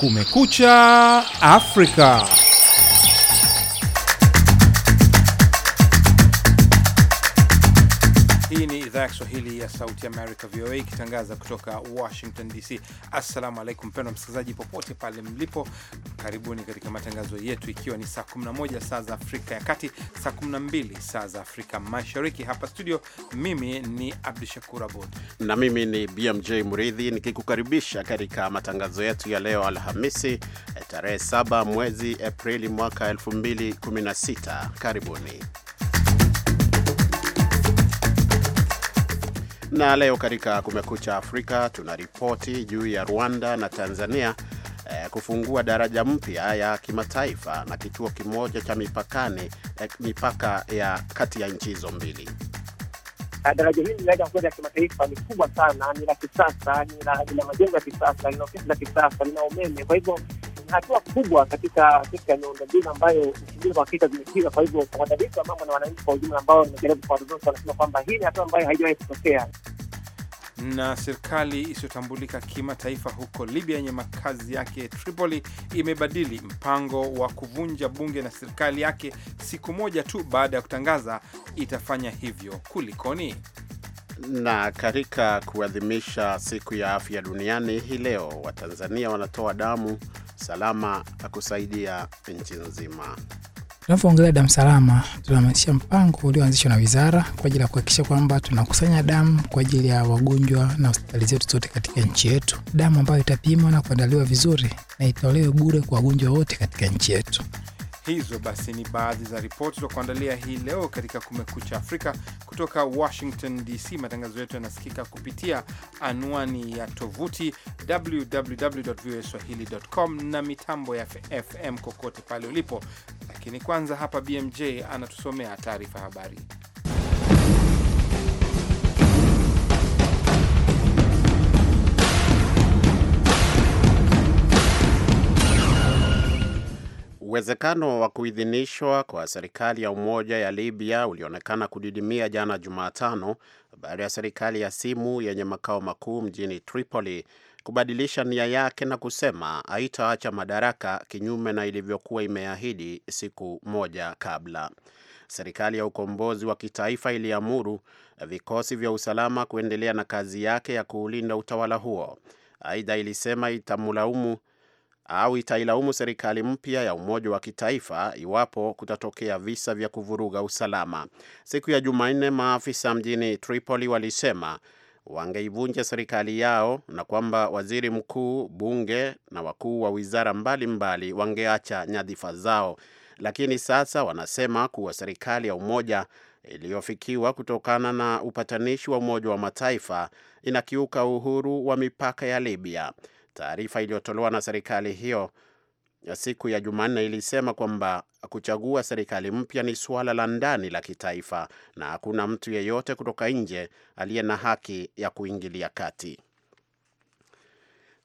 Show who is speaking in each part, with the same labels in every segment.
Speaker 1: Kumekucha Afrika. Hii ni idhaa ya Kiswahili ya Sauti America VOA ikitangaza kutoka Washington DC. Assalamu alaikum mpendwa msikilizaji, popote pale mlipo, karibuni katika matangazo yetu, ikiwa ni saa 11 saa za Afrika ya Kati, saa 12 saa za Afrika Mashariki. Hapa studio, mimi ni Abdu Shakur Abud
Speaker 2: na mimi ni BMJ Muridhi nikikukaribisha katika matangazo yetu ya leo Alhamisi eh, tarehe 7 mwezi Aprili mwaka 2016. Karibuni. Na leo katika Kumekucha Afrika tuna ripoti juu ya Rwanda na Tanzania eh, kufungua daraja mpya ya kimataifa na kituo kimoja cha mipakani eh, mipaka ya kati ya nchi hizo mbili. Daraja hili linaweza ya kimataifa, ni kubwa sana, ni la
Speaker 3: kisasa, la majengo ya kisasa, lina ofisi za kisasa, lina umeme, kwa hivyo hatua kubwa katika sekta ya miundombinu ambayo shughuli kwa hakika zimepiga. Kwa hivyo wadadisi wa mambo na wananchi kwa ujumla ambao nimejaribu kuwaruzusu wanasema kwamba hii ni hatua ambayo haijawahi kutokea.
Speaker 1: Na serikali isiyotambulika kimataifa huko Libya yenye makazi yake Tripoli imebadili mpango wa kuvunja bunge na serikali yake siku moja tu baada ya kutangaza
Speaker 2: itafanya hivyo. Kulikoni? Na katika kuadhimisha siku ya afya duniani hii leo, Watanzania wanatoa damu salama kusaidia nchi nzima.
Speaker 4: Tunapoongelea damu salama, tunamaanisha mpango ulioanzishwa na wizara kwa ajili ya kuhakikisha kwamba tunakusanya damu kwa ajili ya wagonjwa na hospitali zetu zote katika nchi yetu, damu ambayo itapimwa na kuandaliwa vizuri na itolewe bure kwa wagonjwa wote katika nchi yetu.
Speaker 1: Hizo basi ni baadhi za ripoti za kuandalia hii leo katika Kumekucha Afrika kutoka Washington DC. Matangazo yetu yanasikika kupitia anwani ya tovuti www voa www.voaswahili.com na mitambo ya FM kokote pale ulipo. Lakini kwanza hapa BMJ anatusomea taarifa habari.
Speaker 2: Uwezekano wa kuidhinishwa kwa serikali ya umoja ya Libya ulionekana kudidimia jana Jumatano baada ya serikali ya simu yenye makao makuu mjini Tripoli kubadilisha nia yake na kusema haitaacha madaraka kinyume na ilivyokuwa imeahidi siku moja kabla. Serikali ya ukombozi wa kitaifa iliamuru vikosi vya usalama kuendelea na kazi yake ya kuulinda utawala huo. Aidha, ilisema itamlaumu au itailaumu serikali mpya ya umoja wa kitaifa iwapo kutatokea visa vya kuvuruga usalama. Siku ya Jumanne, maafisa mjini Tripoli walisema wangeivunja serikali yao na kwamba waziri mkuu, bunge na wakuu wa wizara mbalimbali wangeacha nyadhifa zao, lakini sasa wanasema kuwa serikali ya umoja iliyofikiwa kutokana na upatanishi wa Umoja wa Mataifa inakiuka uhuru wa mipaka ya Libya. Taarifa iliyotolewa na serikali hiyo ya siku ya Jumanne ilisema kwamba kuchagua serikali mpya ni suala la ndani la kitaifa na hakuna mtu yeyote kutoka nje aliye na haki ya kuingilia kati.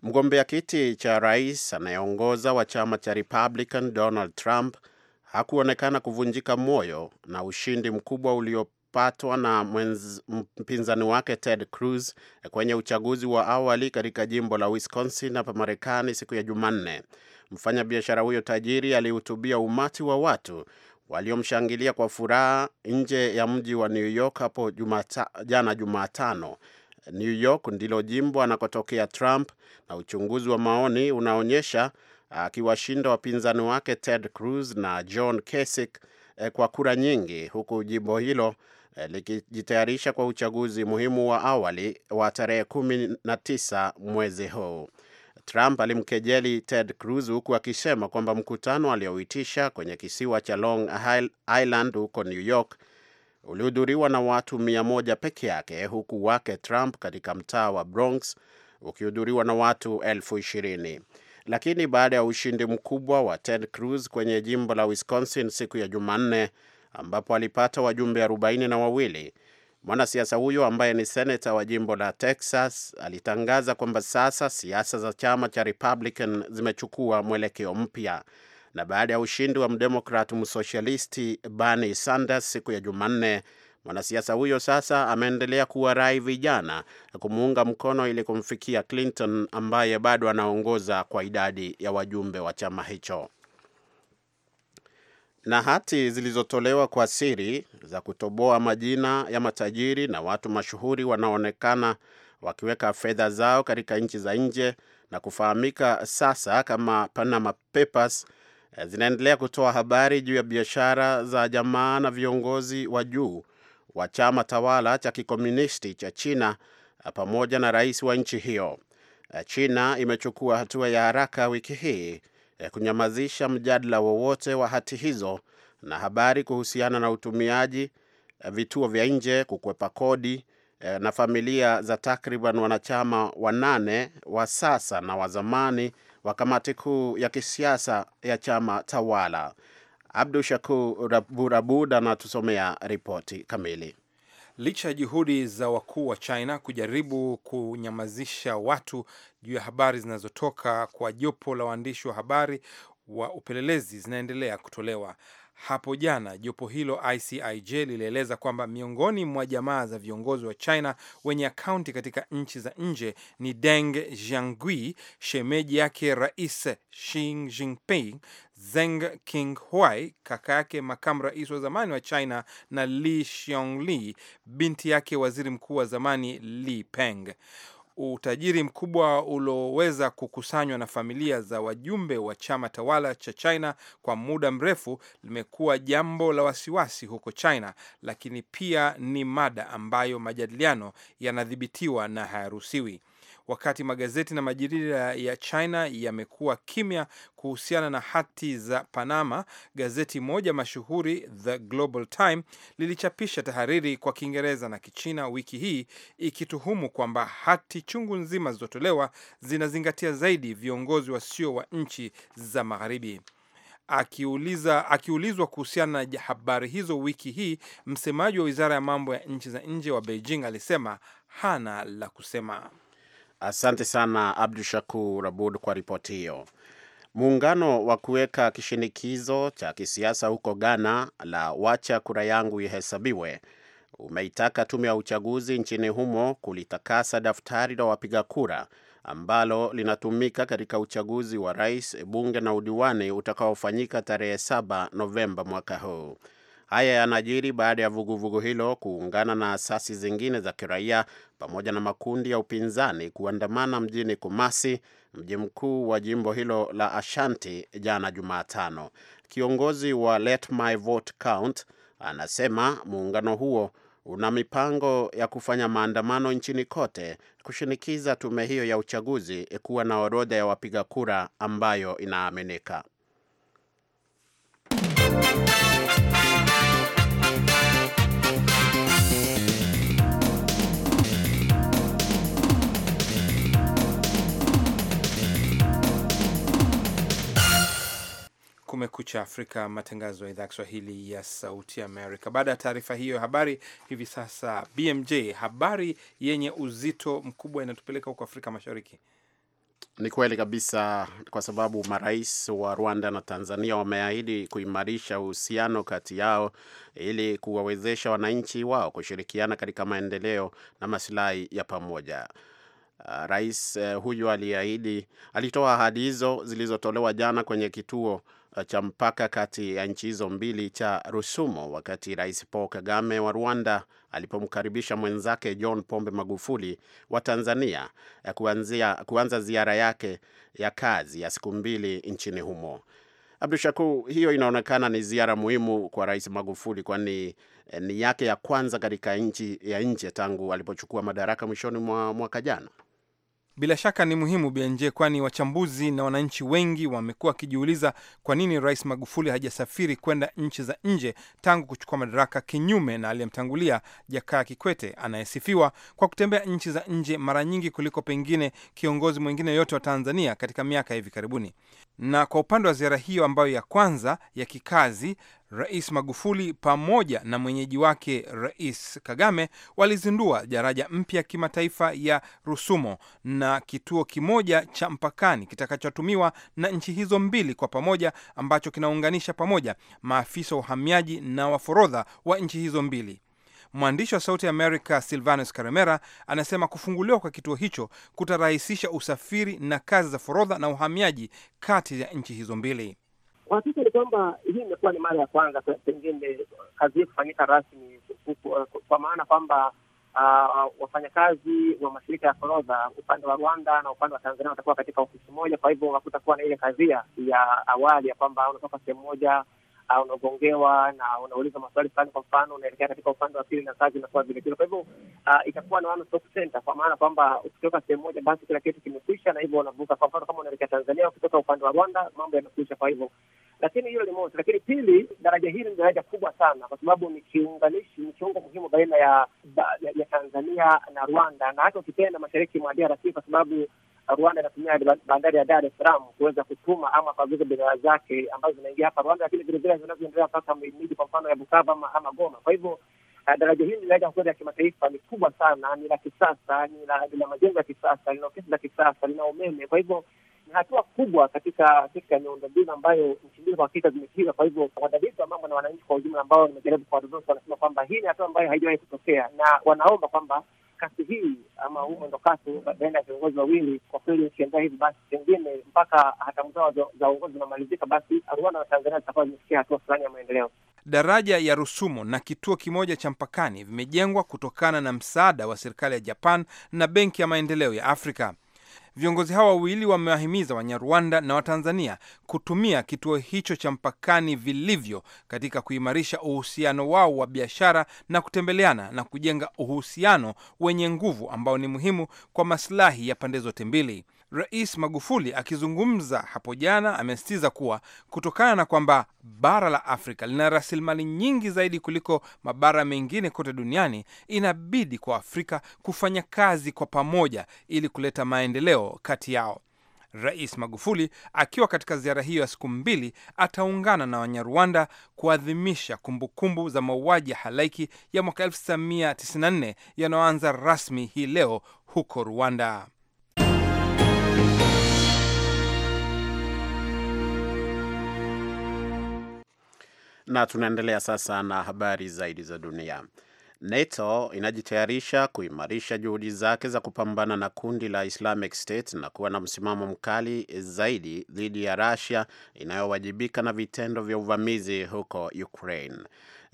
Speaker 2: Mgombea kiti cha rais anayeongoza wa chama cha Republican Donald Trump hakuonekana kuvunjika moyo na ushindi mkubwa ulio kupatwa na mwenz, mpinzani wake Ted Cruz kwenye uchaguzi wa awali katika jimbo la Wisconsin hapa Marekani siku ya Jumanne. Mfanyabiashara huyo tajiri alihutubia umati wa watu waliomshangilia kwa furaha nje ya mji wa New York hapo jumata, jana Jumatano. New York ndilo jimbo anakotokea Trump na uchunguzi wa maoni unaonyesha akiwashinda wapinzani wake Ted Cruz na John Kasich kwa kura nyingi, huku jimbo hilo Eh, likijitayarisha kwa uchaguzi muhimu wa awali wa tarehe kumi na tisa mwezi huu. Trump alimkejeli Ted Cruz huku akisema kwamba mkutano aliyoitisha kwenye kisiwa cha Long Island huko New York ulihudhuriwa na watu mia moja peke yake, huku wake Trump katika mtaa wa Bronx ukihudhuriwa na watu elfu ishirini. Lakini baada ya ushindi mkubwa wa Ted Cruz kwenye jimbo la Wisconsin siku ya Jumanne, ambapo alipata wajumbe arobaini na wawili. Mwanasiasa huyo ambaye ni seneta wa jimbo la Texas alitangaza kwamba sasa siasa za chama cha Republican zimechukua mwelekeo mpya. Na baada ya ushindi wa mdemokrat msosialisti Bernie Sanders siku ya Jumanne, mwanasiasa huyo sasa ameendelea kuwarai vijana na kumuunga mkono ili kumfikia Clinton ambaye bado anaongoza kwa idadi ya wajumbe wa chama hicho na hati zilizotolewa kwa siri za kutoboa majina ya matajiri na watu mashuhuri wanaonekana wakiweka fedha zao katika nchi za nje na kufahamika sasa kama Panama Papers eh, zinaendelea kutoa habari juu ya biashara za jamaa na viongozi wa juu wa chama tawala cha kikomunisti cha China eh, pamoja na rais wa nchi hiyo. Eh, China imechukua hatua ya haraka wiki hii Eh, kunyamazisha mjadala wowote wa hati hizo na habari kuhusiana na utumiaji, eh, vituo vya nje kukwepa kodi eh, na familia za takriban wanachama wanane wa sasa na wa zamani wa kamati kuu ya kisiasa ya chama tawala. Abdu Shakur Abud anatusomea ripoti kamili. Licha ya juhudi za wakuu wa China
Speaker 1: kujaribu kunyamazisha watu juu ya habari zinazotoka kwa jopo la waandishi wa habari wa upelelezi zinaendelea kutolewa. Hapo jana jopo hilo ICIJ lilieleza kwamba miongoni mwa jamaa za viongozi wa China wenye akaunti katika nchi za nje ni Deng Jiangui, shemeji yake Rais Xi Jinping, Zeng King Huai, kaka yake makamu rais wa zamani wa China, na Li Xiongli, binti yake waziri mkuu wa zamani Li Peng. Utajiri mkubwa ulioweza kukusanywa na familia za wajumbe wa chama tawala cha China kwa muda mrefu limekuwa jambo la wasiwasi huko China, lakini pia ni mada ambayo majadiliano yanadhibitiwa na hayaruhusiwi wakati magazeti na majarida ya China yamekuwa kimya kuhusiana na hati za Panama. Gazeti moja mashuhuri The Global Time lilichapisha tahariri kwa Kiingereza na Kichina wiki hii ikituhumu kwamba hati chungu nzima zilizotolewa zinazingatia zaidi viongozi wasio wa nchi za magharibi. Akiuliza, akiulizwa kuhusiana na habari hizo wiki hii, msemaji wa wizara ya mambo ya nchi za nje wa Beijing alisema hana la kusema.
Speaker 2: Asante sana Abdu Shakur Abud kwa ripoti hiyo. Muungano wa kuweka kishinikizo cha kisiasa huko Ghana la wacha kura yangu ihesabiwe umeitaka tume ya uchaguzi nchini humo kulitakasa daftari la wapiga kura ambalo linatumika katika uchaguzi wa rais, bunge na udiwani utakaofanyika tarehe 7 Novemba mwaka huu. Haya yanajiri baada ya vuguvugu vugu hilo kuungana na asasi zingine za kiraia pamoja na makundi ya upinzani kuandamana mjini Kumasi, mji mkuu wa jimbo hilo la Ashanti, jana Jumatano. Kiongozi wa Let My Vote Count anasema muungano huo una mipango ya kufanya maandamano nchini kote kushinikiza tume hiyo ya uchaguzi kuwa na orodha ya wapiga kura ambayo inaaminika.
Speaker 1: Kumekucha Afrika, matangazo ya idhaa Kiswahili ya Sauti Amerika. Baada ya taarifa hiyo ya habari, hivi sasa BMJ, habari yenye uzito mkubwa inatupeleka huko
Speaker 2: Afrika Mashariki. Ni kweli kabisa, kwa sababu marais wa Rwanda na Tanzania wameahidi kuimarisha uhusiano kati yao ili kuwawezesha wananchi wao kushirikiana katika maendeleo na masilahi ya pamoja. Uh, rais uh, huyu aliahidi, alitoa ahadi hizo zilizotolewa jana kwenye kituo cha mpaka kati ya nchi hizo mbili cha Rusumo, wakati Rais Paul Kagame wa Rwanda alipomkaribisha mwenzake John Pombe Magufuli wa Tanzania eh, kuanzia, kuanza ziara yake ya kazi ya siku mbili nchini humo. Abdu Shakur, hiyo inaonekana ni ziara muhimu kwa Rais Magufuli kwani eh, ni yake ya kwanza katika nchi ya nje tangu alipochukua madaraka mwishoni mwa mwaka jana.
Speaker 1: Bila shaka ni muhimu BNJ, kwani wachambuzi na wananchi wengi wamekuwa wakijiuliza kwa nini Rais Magufuli hajasafiri kwenda nchi za nje tangu kuchukua madaraka, kinyume na aliyemtangulia Jakaya Kikwete anayesifiwa kwa kutembea nchi za nje mara nyingi kuliko pengine kiongozi mwingine yoyote wa Tanzania katika miaka ya hivi karibuni. Na kwa upande wa ziara hiyo ambayo ya kwanza ya kikazi, Rais Magufuli pamoja na mwenyeji wake Rais Kagame walizindua daraja mpya ya kimataifa ya Rusumo na kituo kimoja cha mpakani kitakachotumiwa na nchi hizo mbili kwa pamoja, ambacho kinaunganisha pamoja maafisa wa uhamiaji na waforodha wa nchi hizo mbili. Mwandishi wa Sauti America Silvanus Karemera anasema kufunguliwa kwa kituo hicho kutarahisisha usafiri na kazi za forodha na uhamiaji kati ya nchi hizo mbili.
Speaker 3: Kwa hakika ni kwamba hii imekuwa ni mara ya kwanza pengine kazi hii kufanyika rasmi, eh, kwa maana kwamba uh, wafanyakazi wa mashirika ya forodha upande wa Rwanda na upande wa Tanzania watakuwa katika ofisi moja. Kwa hivyo hakutakuwa na ile kazia ya awali ya kwamba unatoka sehemu moja unagongewa na unauliza maswali fulani, kwa mfano unaelekea katika upande wa pili na kazi inakuwa vile vile. Kwa hivyo uh, itakuwa na one stop center, kwa maana kwamba ukitoka sehemu moja, basi kila kitu kimekwisha, na hivyo unavuka. Kwa mfano kama unaelekea Tanzania, ukitoka upande wa Rwanda, mambo yamekwisha. Kwa hivyo lakini hilo ni moja, lakini pili, daraja hili ni daraja kubwa sana, kwa sababu ni kiunganishi, ni kiungo muhimu baina ya, ya, ya Tanzania na Rwanda na hata ukipenda mashariki mwa DRC kwa sababu Rwanda inatumia bandari ya Dar es Salaam kuweza kutuma ama kuagiza bidhaa zake ambazo zinaingia hapa Rwanda, lakini vilevile zinazoendelea sasa miji, kwa mfano ya Bukava ama, ama Goma. Kwa hivyo uh, daraja hili linaweza kuweza ya kimataifa, ni kubwa sana, ni la kisasa, lina majengo ya kisasa, lina ofisi za kisasa, lina umeme. Kwa hivyo ni hatua kubwa katika sekta ya miundombinu ambayo nchi mbili kwa hakika zimepiga. Kwa hivyo wadadisi wa mambo na wananchi kwa ujumla ambao nimejaribu kuwadodosa wanasema kwamba hii ni hatua ambayo haijawahi kutokea na wanaomba kwamba kasi hii ama huu mwendokasi baina ya viongozi wawili kwa kweli, ukiendea hivi basi, pengine mpaka hatamu zao za uongozi zinamalizika, basi Rwanda na Tanzania zitakuwa zimefikia hatua fulani ya maendeleo.
Speaker 1: Daraja ya Rusumo na kituo kimoja cha mpakani vimejengwa kutokana na msaada wa serikali ya Japan na Benki ya Maendeleo ya Afrika. Viongozi hao wawili wamewahimiza Wanyarwanda na Watanzania kutumia kituo hicho cha mpakani vilivyo katika kuimarisha uhusiano wao wa biashara na kutembeleana na kujenga uhusiano wenye nguvu ambao ni muhimu kwa masilahi ya pande zote mbili. Rais Magufuli akizungumza hapo jana amesisitiza kuwa kutokana na kwamba bara la Afrika lina rasilimali nyingi zaidi kuliko mabara mengine kote duniani, inabidi kwa Afrika kufanya kazi kwa pamoja ili kuleta maendeleo kati yao. Rais Magufuli akiwa katika ziara hiyo ya siku mbili ataungana na Wanyarwanda kuadhimisha kumbukumbu za mauaji ya halaiki ya mwaka 1994 yanayoanza rasmi hii leo huko Rwanda.
Speaker 2: na tunaendelea sasa na habari zaidi za dunia. NATO inajitayarisha kuimarisha juhudi zake za kupambana na kundi la Islamic State na kuwa na msimamo mkali zaidi dhidi ya Russia inayowajibika na vitendo vya uvamizi huko Ukraine.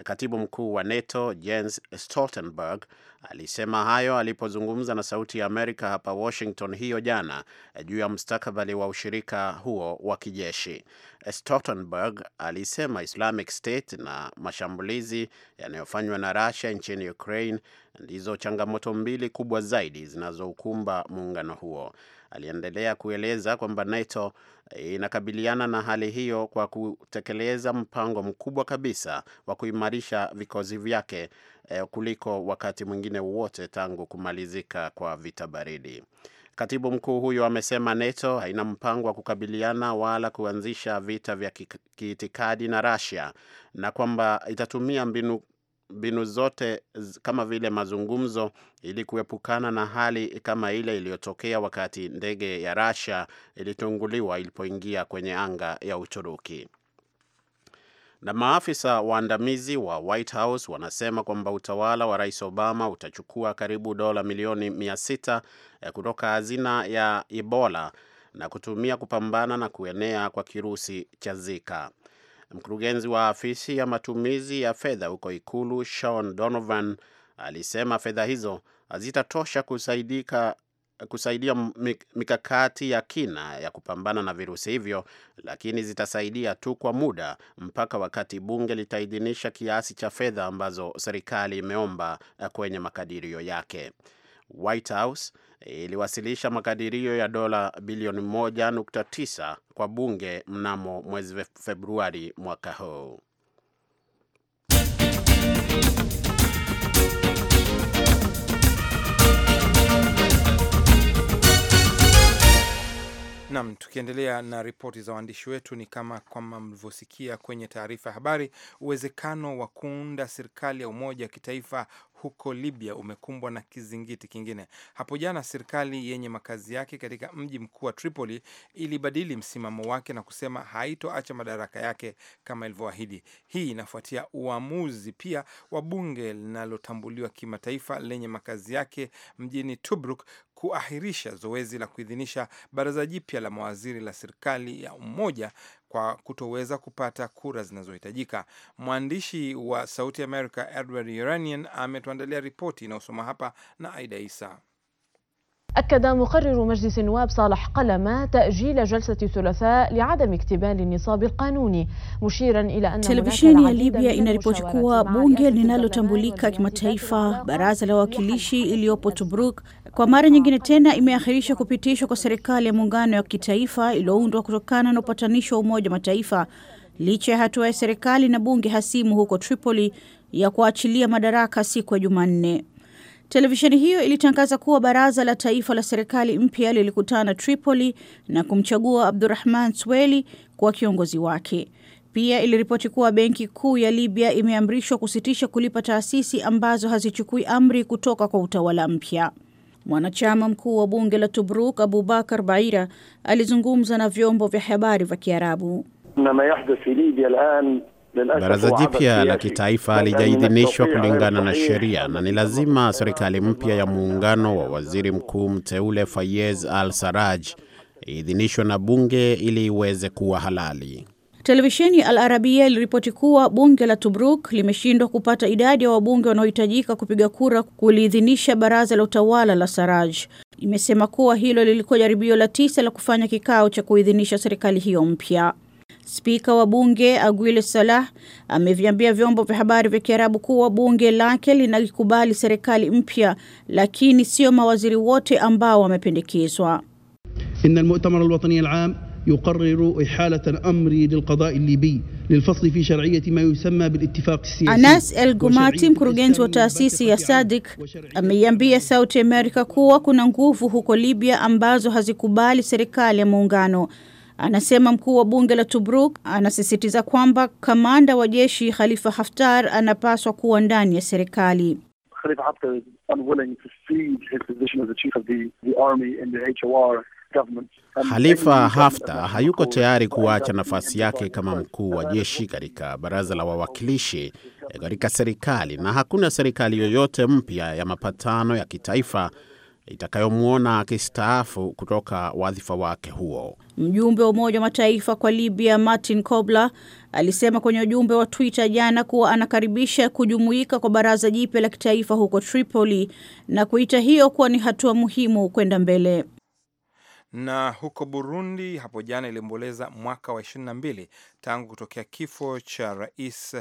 Speaker 2: Katibu mkuu wa NATO Jens Stoltenberg alisema hayo alipozungumza na Sauti ya Amerika hapa Washington hiyo jana eh, juu ya mustakabali wa ushirika huo wa kijeshi. Eh, Stoltenberg alisema Islamic State na mashambulizi yanayofanywa na Russia nchini Ukraine ndizo changamoto mbili kubwa zaidi zinazoukumba muungano huo. Aliendelea kueleza kwamba NATO inakabiliana na hali hiyo kwa kutekeleza mpango mkubwa kabisa wa kuimarisha vikosi vyake eh, kuliko wakati mwingine wowote tangu kumalizika kwa vita baridi. Katibu mkuu huyo amesema NATO haina mpango wa kukabiliana wala kuanzisha vita vya kiitikadi na Russia na kwamba itatumia mbinu mbinu zote kama vile mazungumzo ili kuepukana na hali kama ile iliyotokea wakati ndege ya Russia ilitunguliwa ilipoingia kwenye anga ya Uturuki. Na maafisa waandamizi wa White House wanasema kwamba utawala wa Rais Obama utachukua karibu dola milioni 600 e, kutoka hazina ya Ebola na kutumia kupambana na kuenea kwa kirusi cha Zika. Mkurugenzi wa afisi ya matumizi ya fedha huko Ikulu, Sean Donovan, alisema fedha hizo hazitatosha kusaidika kusaidia mikakati ya kina ya kupambana na virusi hivyo, lakini zitasaidia tu kwa muda mpaka wakati bunge litaidhinisha kiasi cha fedha ambazo serikali imeomba eh, kwenye makadirio yake. White House iliwasilisha makadirio ya dola bilioni 1.9 kwa bunge mnamo mwezi Februari mwaka huu.
Speaker 1: Nam, tukiendelea na ripoti za waandishi wetu, ni kama kwamba mlivyosikia kwenye taarifa ya habari, uwezekano wa kuunda serikali ya umoja wa kitaifa huko Libya umekumbwa na kizingiti kingine. Hapo jana serikali yenye makazi yake katika mji mkuu wa Tripoli ilibadili msimamo wake na kusema haitoacha madaraka yake kama ilivyoahidi. Hii inafuatia uamuzi pia wa bunge linalotambuliwa kimataifa lenye makazi yake mjini Tobruk kuahirisha zoezi la kuidhinisha baraza jipya la mawaziri la serikali ya umoja kwa kutoweza kupata kura zinazohitajika. Mwandishi wa Sauti America Edward uranian ametuandalia ripoti inayosoma hapa na Aida Isa.
Speaker 5: أكد مقرر مجلس النواب صالح قلمة تأجيل جلسة الثلاثاء لعدم اكتمال النصاب القانوني مشيرا إلى أن televisheni ya Libya inaripoti
Speaker 6: kuwa bunge linalotambulika kimataifa, baraza la لوكيليشي iliyopo Tobruk, kwa mara nyingine tena imeahirisha kupitishwa kwa serikali ya muungano ya kitaifa iliyoundwa kutokana na upatanisho wa Umoja wa Mataifa licha ya hatua ya serikali na bunge hasimu huko Tripoli ya kuachilia madaraka siku ya Jumanne. Televisheni hiyo ilitangaza kuwa baraza la taifa la serikali mpya lilikutana Tripoli na kumchagua Abdurahman Sweli kuwa kiongozi wake. Pia iliripoti kuwa benki kuu ya Libya imeamrishwa kusitisha kulipa taasisi ambazo hazichukui amri kutoka kwa utawala mpya. Mwanachama mkuu wa bunge la tubruk Abubakar Baira alizungumza na vyombo vya habari vya Kiarabu.
Speaker 3: Baraza jipya la
Speaker 2: kitaifa halijaidhinishwa kulingana na sheria na ni lazima serikali mpya ya muungano wa waziri mkuu mteule Fayez al saraj iidhinishwe na bunge ili iweze kuwa halali.
Speaker 6: Televisheni Al Arabia iliripoti kuwa bunge la Tubruk limeshindwa kupata idadi ya wabunge wanaohitajika kupiga kura kuliidhinisha baraza la utawala la Saraj. Imesema kuwa hilo lilikuwa jaribio la tisa la kufanya kikao cha kuidhinisha serikali hiyo mpya. Spika wa bunge Aguil Salah ameviambia vyombo vya habari vya Kiarabu kuwa bunge lake linaikubali serikali mpya, lakini sio mawaziri wote ambao wamependekezwa.
Speaker 7: Inna al-mu'tamar al yuqarriru amri lilqadai al lilfasli fi shar'iyyati ma yusamma bilittifaq siyasi. Anas El Gumati,
Speaker 6: mkurugenzi wa taasisi ya Sadik, ameiambia Sauti Amerika kuwa kuna nguvu huko Libya ambazo hazikubali serikali ya muungano. Anasema mkuu wa bunge la tubruk anasisitiza kwamba kamanda wa jeshi Khalifa Haftar anapaswa kuwa ndani ya serikali.
Speaker 3: Khalifa
Speaker 2: Haftar hayuko tayari kuacha nafasi yake kama mkuu wa jeshi katika baraza la wawakilishi katika serikali, na hakuna serikali yoyote mpya ya mapatano ya kitaifa itakayomwona akistaafu kutoka wadhifa wake huo.
Speaker 6: Mjumbe wa Umoja wa Mataifa kwa Libya Martin Kobler alisema kwenye ujumbe wa Twitter jana kuwa anakaribisha kujumuika kwa baraza jipya la kitaifa huko Tripoli na kuita hiyo kuwa ni hatua muhimu kwenda mbele.
Speaker 1: Na huko Burundi hapo jana iliomboleza mwaka wa 22 tangu kutokea kifo cha Rais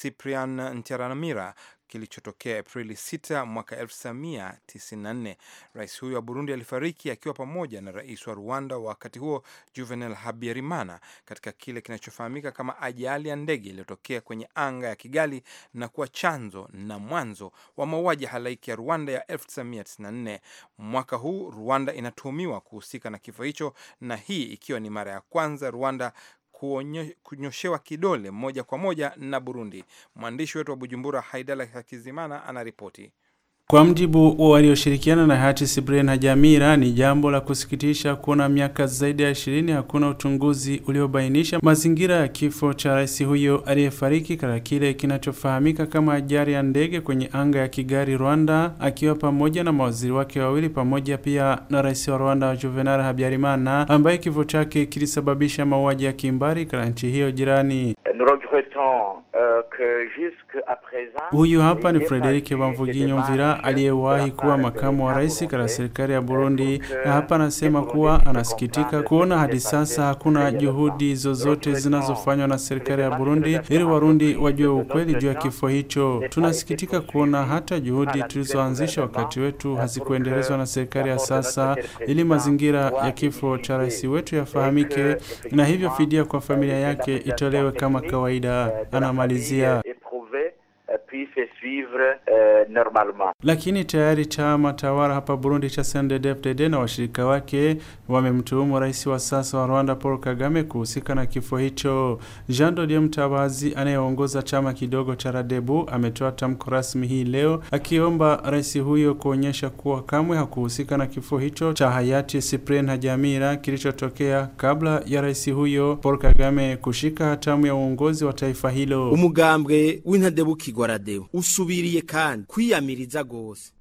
Speaker 1: Cyprian Ntaryamira kilichotokea Aprili 6 mwaka 1994. Rais huyo wa Burundi alifariki akiwa pamoja na rais wa Rwanda wakati huo Juvenal Habyarimana katika kile kinachofahamika kama ajali ya ndege iliyotokea kwenye anga ya Kigali na kuwa chanzo na mwanzo wa mauaji halaiki ya Rwanda ya 1994. Mwaka huu Rwanda inatuhumiwa kuhusika na kifo hicho, na hii ikiwa ni mara ya kwanza Rwanda kunyoshewa kidole moja kwa moja na Burundi. Mwandishi wetu wa Bujumbura, Haidala Hakizimana,
Speaker 7: anaripoti. Kwa mjibu wa walioshirikiana na Hati Cyprien Hajamira, ni jambo la kusikitisha kuona miaka zaidi ya ishirini hakuna uchunguzi uliobainisha mazingira ya kifo cha rais huyo aliyefariki katika kile kinachofahamika kama ajali ya ndege kwenye anga ya Kigali, Rwanda, akiwa pamoja na mawaziri wake wawili pamoja pia na rais wa Rwanda Juvenal Habyarimana ambaye kifo chake kilisababisha mauaji ya kimbari katika nchi hiyo jirani.
Speaker 3: Euh, Huyu hapa ni Frederike Bamvugi
Speaker 7: Nyumvira aliyewahi kuwa makamu wa rais katika serikali ya Burundi, euh, na hapa anasema kuwa anasikitika kuona hadi sasa hakuna juhudi zozote zinazofanywa na serikali ya Burundi ili Warundi wajue ukweli juu ya kifo hicho. Tunasikitika kuona hata juhudi tulizoanzisha wakati wetu hazikuendelezwa na serikali ya sasa ili mazingira ya kifo cha rais wetu yafahamike euh, na hivyo fidia kwa familia yake itolewe kama kawaida. anamaliza. Hein.
Speaker 3: éprouver, euh, puis puisse suivre eh,
Speaker 7: normalement. Lakini tayari chama tawala hapa Burundi cha CNDD-FDD na washirika wake wamemtuhumu rais wa sasa wa Rwanda Paul Kagame kuhusika na kifo hicho. Jean Dodie Mtabazi anayeongoza chama kidogo cha Radebu ametoa tamko rasmi hii leo akiomba rais huyo kuonyesha kuwa kamwe hakuhusika na kifo hicho cha hayati Cyprien Hajamira kilichotokea kabla ya rais huyo Paul Kagame kushika hatamu ya uongozi wa taifa hilo. Umugambwe w'intadebukirwa Radebu usubiriye ka kandi
Speaker 8: kwiyamiriza gose.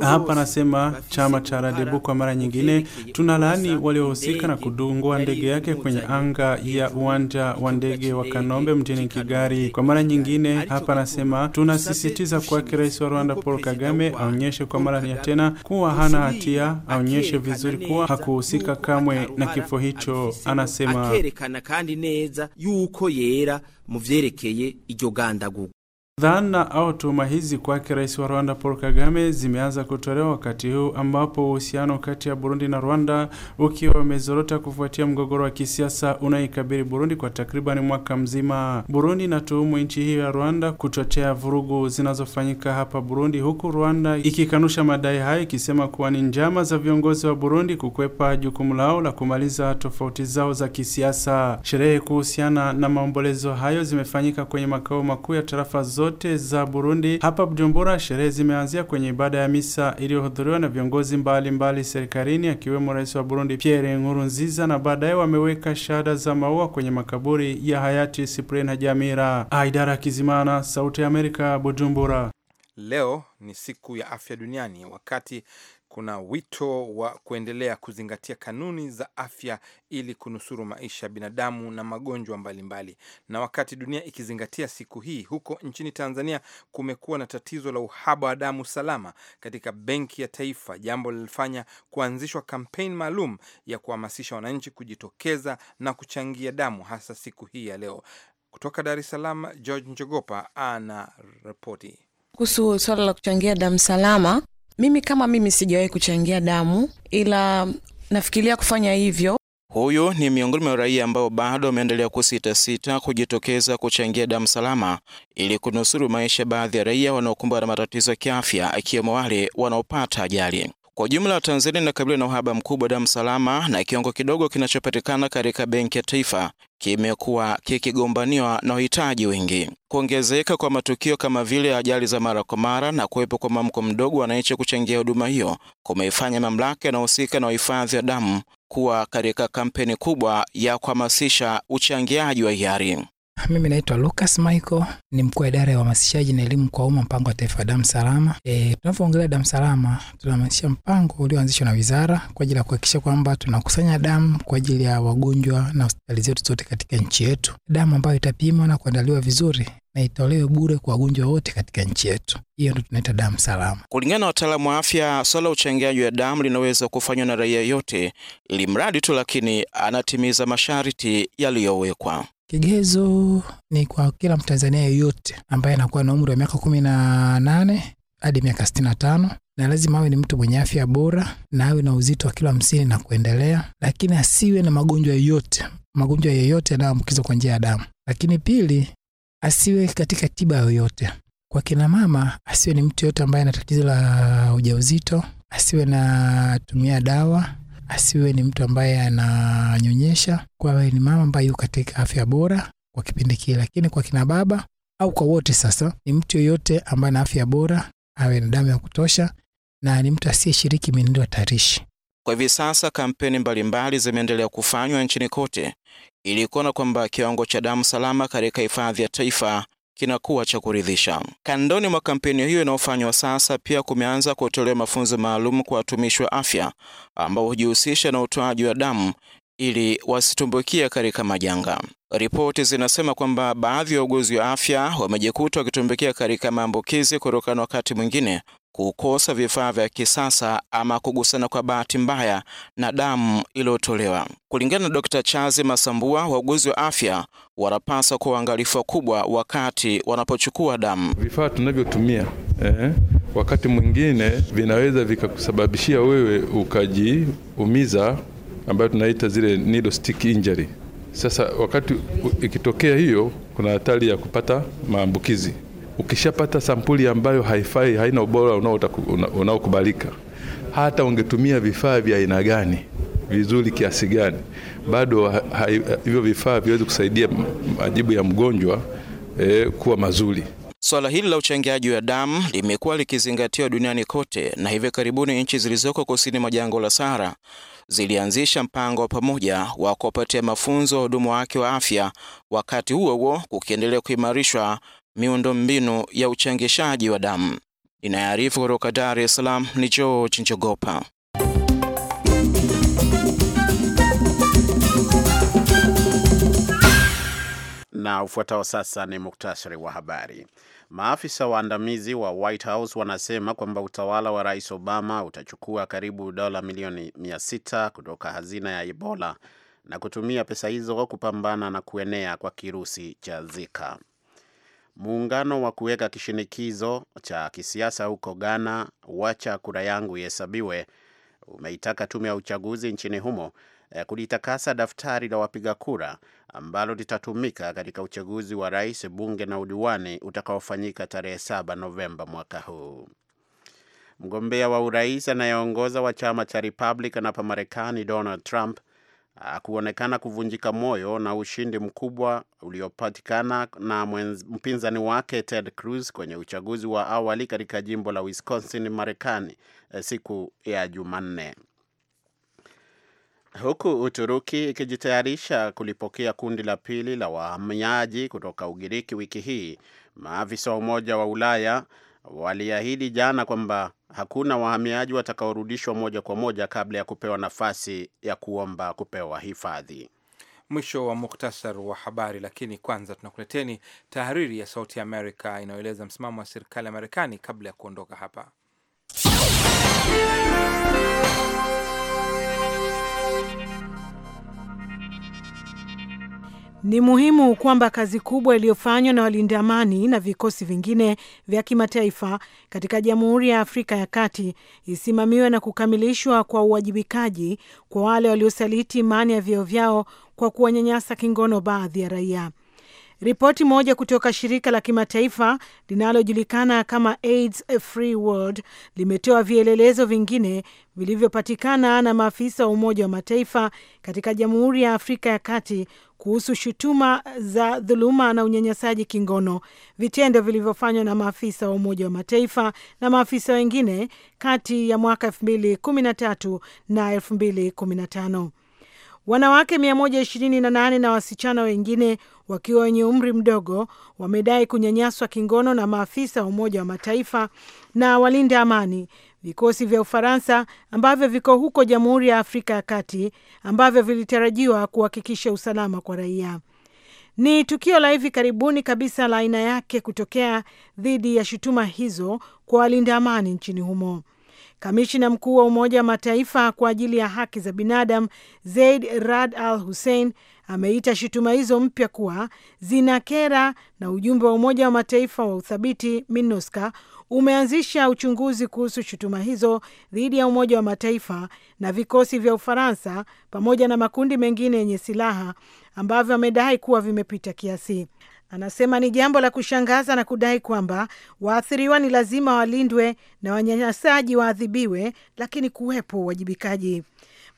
Speaker 8: Hapa
Speaker 7: nasema chama cha Radebo kwa mara nyingine tunalaani waliohusika na kudungwa ndege yake kwenye anga ya uwanja wa ndege wa Kanombe mjini Kigali. Kwa mara nyingine hapa anasema tunasisitiza kwake Rais wa Rwanda Paul Kagame aonyeshe kwa mara ya tena kuwa hana hatia, aonyeshe vizuri kuwa hakuhusika kamwe na kifo hicho. Anasema
Speaker 8: akerekana kandi neza yuko yera
Speaker 3: muvyerekeye iryo gandaguka.
Speaker 7: Dhana au tuhuma hizi kwake rais wa Rwanda Paul Kagame zimeanza kutolewa wakati huu ambapo uhusiano kati ya Burundi na Rwanda ukiwa umezorota kufuatia mgogoro wa kisiasa unaoikabili Burundi kwa takribani mwaka mzima. Burundi inatuhumu nchi hiyo ya Rwanda kuchochea vurugu zinazofanyika hapa Burundi, huku Rwanda ikikanusha madai hayo ikisema kuwa ni njama za viongozi wa Burundi kukwepa jukumu lao la kumaliza tofauti zao za kisiasa. Sherehe kuhusiana na maombolezo hayo zimefanyika kwenye makao makuu ya tarafa zote zote za Burundi. Hapa Bujumbura, sherehe zimeanzia kwenye ibada ya misa iliyohudhuriwa na viongozi mbalimbali serikalini, akiwemo rais wa Burundi Pierre Nkurunziza, na baadaye wameweka shahada za maua kwenye makaburi ya hayati Cyprien Jamira. Aidara Kizimana, Sauti ya Amerika, Bujumbura.
Speaker 1: Leo ni siku ya afya duniani, wakati kuna wito wa kuendelea kuzingatia kanuni za afya ili kunusuru maisha ya binadamu na magonjwa mbalimbali. Na wakati dunia ikizingatia siku hii, huko nchini Tanzania kumekuwa na tatizo la uhaba wa damu salama katika benki ya Taifa, jambo lilifanya kuanzishwa kampeni maalum ya kuhamasisha wananchi kujitokeza na kuchangia damu, hasa siku hii ya leo. Kutoka Dar es Salaam, George Njogopa ana ripoti
Speaker 5: kuhusu suala la kuchangia damu salama. Mimi kama mimi sijawahi kuchangia damu, ila nafikiria kufanya hivyo.
Speaker 8: Huyu ni miongoni mwa raia ambao bado wameendelea kusitasita kujitokeza kuchangia damu salama ili kunusuru maisha baadhi ya raia wanaokumbwa na matatizo ya kiafya, akiwemo wale wanaopata ajali. Kwa ujumla, Tanzania inakabiliwa na uhaba mkubwa wa damu salama na kiwango kidogo kinachopatikana katika Benki ya Taifa kimekuwa kikigombaniwa na wahitaji wengi. Kuongezeka kwa matukio kama vile ajali za mara kwa mara na kuwepo kwa mwamko mdogo wananchi kuchangia huduma hiyo kumeifanya mamlaka yanayohusika na uhifadhi wa damu kuwa katika kampeni kubwa ya kuhamasisha uchangiaji wa hiari.
Speaker 4: Ah, mimi naitwa Lucas Michael, ni mkuu wa idara ya uhamasishaji na elimu kwa umma mpango wa taifa damu salama. E, tunavyoongelea damu salama tunamaanisha mpango ulioanzishwa na wizara kwa ajili ya kuhakikisha kwamba tunakusanya damu kwa ajili ya wagonjwa na hospitali zetu zote katika nchi yetu, damu ambayo itapimwa na kuandaliwa vizuri na itolewe bure kwa wagonjwa wote katika nchi yetu. Hiyo ndo tunaita damu salama.
Speaker 8: Kulingana na wataalamu wa afya, swala la uchangiaji wa damu linaweza kufanywa na raia yote, ili mradi tu lakini anatimiza masharti yaliyowekwa.
Speaker 4: Kigezo ni kwa kila Mtanzania yeyote ambaye anakuwa na umri wa miaka kumi na nane hadi miaka sitini na tano na lazima awe ni mtu mwenye afya bora na awe na uzito wa kilo hamsini na kuendelea, lakini asiwe na magonjwa yoyote, magonjwa yoyote yanayoambukizwa kwa njia ya damu. Lakini pili, asiwe katika tiba yoyote. Kwa kina mama, asiwe ni mtu yoyote ambaye ana tatizo la ujauzito, asiwe na tumia dawa asiwe ni mtu ambaye ananyonyesha, kwa ni mama ambaye yuko katika afya bora kwa kipindi kile. Lakini kwa kina baba au kwa wote sasa, ni mtu yoyote ambaye ana afya bora, awe na damu ya kutosha na ni mtu asiyeshiriki mienendo hatarishi.
Speaker 8: Kwa hivi sasa kampeni mbalimbali zimeendelea kufanywa nchini kote ili kuona kwamba kiwango cha damu salama katika hifadhi ya taifa kinakuwa cha kuridhisha. Kandoni mwa kampeni hiyo inayofanywa sasa, pia kumeanza kutolewa mafunzo maalum kwa watumishi wa afya ambao hujihusisha na utoaji wa damu ili wasitumbukie katika majanga. Ripoti zinasema kwamba baadhi ya wauguzi wa afya wamejikuta wakitumbukia katika maambukizi kutokana wakati mwingine kukosa vifaa vya kisasa ama kugusana kwa bahati mbaya na damu iliyotolewa. Kulingana na dr Chazi Masambua, wauguzi wa afya wanapaswa kwa uangalifu kubwa wakati wanapochukua damu.
Speaker 7: Vifaa tunavyotumia eh, wakati mwingine vinaweza vikakusababishia wewe ukajiumiza, ambayo tunaita zile needle stick injury. Sasa wakati ikitokea hiyo, kuna hatari ya kupata maambukizi. Ukishapata sampuli ambayo haifai, haina ubora unaokubalika, hata ungetumia vifaa vya aina gani vizuri kiasi gani, bado hivyo vifaa viwezi kusaidia majibu ya
Speaker 8: mgonjwa eh, kuwa mazuri. Swala hili la uchangiaji wa damu limekuwa likizingatiwa duniani kote, na hivi karibuni nchi zilizoko kusini mwa jangwa la Sahara zilianzisha mpango wa pamoja wa kuwapatia mafunzo wahudumu wake wa afya, wakati huo huo kukiendelea kuimarishwa miundombinu ya uchangishaji wa damu. Inayoarifu kutoka Dar es Salaam ni George Njogopa.
Speaker 2: Na ufuatao sasa ni muktasari wa habari. Maafisa waandamizi wa White House wanasema kwamba utawala wa Rais Obama utachukua karibu dola milioni 600 kutoka hazina ya Ebola na kutumia pesa hizo kupambana na kuenea kwa kirusi cha Zika muungano wa kuweka kishinikizo cha kisiasa huko Ghana, wacha kura yangu ihesabiwe, umeitaka tume ya uchaguzi nchini humo eh, kulitakasa daftari la wapiga kura ambalo litatumika katika uchaguzi wa rais, bunge na udiwani utakaofanyika tarehe 7 Novemba mwaka huu. Mgombea wa urais anayeongoza wa chama cha Republican hapa Marekani, Donald Trump kuonekana kuvunjika moyo na ushindi mkubwa uliopatikana na mpinzani wake Ted Cruz kwenye uchaguzi wa awali katika jimbo la Wisconsin, Marekani eh, siku ya Jumanne. Huku Uturuki ikijitayarisha kulipokea kundi la pili la wahamiaji kutoka Ugiriki wiki hii, maafisa wa Umoja wa Ulaya waliahidi jana kwamba hakuna wahamiaji watakaorudishwa moja kwa moja kabla ya kupewa nafasi ya kuomba kupewa hifadhi. Mwisho wa muktasar wa habari. Lakini kwanza
Speaker 1: tunakuleteni tahariri ya Sauti ya Amerika inayoeleza msimamo wa serikali ya Marekani kabla ya kuondoka hapa.
Speaker 5: Ni muhimu kwamba kazi kubwa iliyofanywa na walinda amani na vikosi vingine vya kimataifa katika Jamhuri ya Afrika ya Kati isimamiwe na kukamilishwa kwa uwajibikaji kwa wale waliosaliti imani ya vyeo vyao kwa kuwanyanyasa kingono baadhi ya raia. Ripoti moja kutoka shirika la kimataifa linalojulikana kama AIDS Free World limetoa vielelezo vingine vilivyopatikana na maafisa wa Umoja wa Mataifa katika Jamhuri ya Afrika ya Kati kuhusu shutuma za dhuluma na unyanyasaji kingono, vitendo vilivyofanywa na maafisa wa Umoja wa Mataifa na maafisa wengine kati ya mwaka 2013 na 2015. Wanawake 128 na wasichana wengine wakiwa wenye umri mdogo wamedai kunyanyaswa kingono na maafisa wa Umoja wa Mataifa na walinda amani Vikosi vya Ufaransa ambavyo viko huko Jamhuri ya Afrika ya Kati ambavyo vilitarajiwa kuhakikisha usalama kwa raia. Ni tukio la hivi karibuni kabisa la aina yake kutokea dhidi ya shutuma hizo kwa walinda amani nchini humo. Kamishina mkuu wa Umoja wa Mataifa kwa ajili ya haki za binadamu Zaid Rad Al Hussein ameita shutuma hizo mpya kuwa zina kera na ujumbe wa Umoja wa Mataifa wa uthabiti MINUSCA umeanzisha uchunguzi kuhusu shutuma hizo dhidi ya Umoja wa Mataifa na vikosi vya Ufaransa pamoja na makundi mengine yenye silaha ambavyo amedai kuwa vimepita kiasi. Anasema ni jambo la kushangaza na kudai kwamba waathiriwa ni lazima walindwe na wanyanyasaji waadhibiwe, lakini kuwepo uwajibikaji.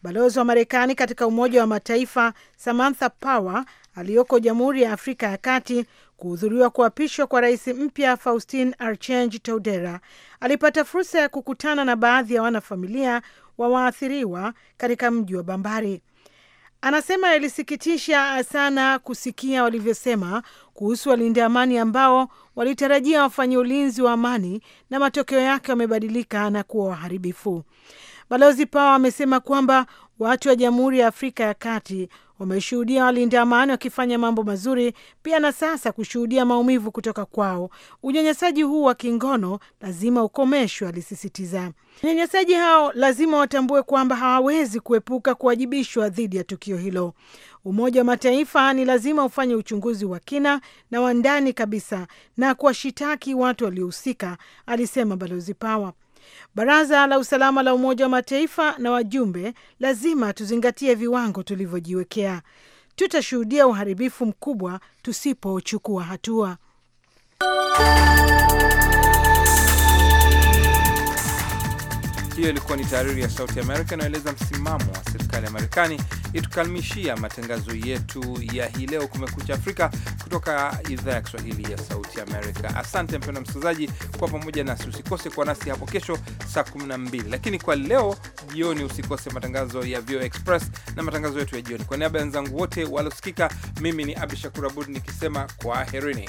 Speaker 5: Balozi wa Marekani katika Umoja wa Mataifa Samantha Power aliyoko Jamhuri ya Afrika ya Kati kuhudhuriwa kuapishwa kwa rais mpya Faustin Archange toudera alipata fursa ya kukutana na baadhi ya wanafamilia wa waathiriwa katika mji wa Bambari. Anasema ilisikitisha sana kusikia walivyosema kuhusu walinda amani ambao walitarajia wafanye ulinzi wa amani na matokeo yake wamebadilika na kuwa waharibifu. Balozi Pao amesema kwamba Watu wa Jamhuri ya Afrika ya Kati wameshuhudia walinda amani wakifanya mambo mazuri pia na sasa kushuhudia maumivu kutoka kwao. Unyanyasaji huu wa kingono lazima ukomeshwe, alisisitiza. Wanyanyasaji hao lazima watambue kwamba hawawezi kuepuka kuwajibishwa dhidi ya tukio hilo. Umoja wa Mataifa ni lazima ufanye uchunguzi wa kina na wa ndani kabisa na kuwashitaki watu waliohusika, alisema Balozi Pawa. Baraza la usalama la Umoja wa Mataifa na wajumbe lazima tuzingatie viwango tulivyojiwekea. Tutashuhudia uharibifu mkubwa tusipochukua hatua.
Speaker 1: Hiyo ilikuwa ni tahariri ya Sauti Amerika inayoeleza msimamo wa serikali ya Marekani. itukalimishia matangazo yetu ya hii leo, Kumekucha Afrika, kutoka idhaa ya Kiswahili ya Sauti Amerika. Asante mpendwa msikilizaji kwa pamoja nasi, usikose kwa nasi hapo kesho saa 12, lakini kwa leo jioni usikose matangazo ya VOA Express na matangazo yetu ya jioni. Kwa niaba ya wenzangu wote waliosikika, mimi ni Abdu Shakur Abud nikisema kwa herini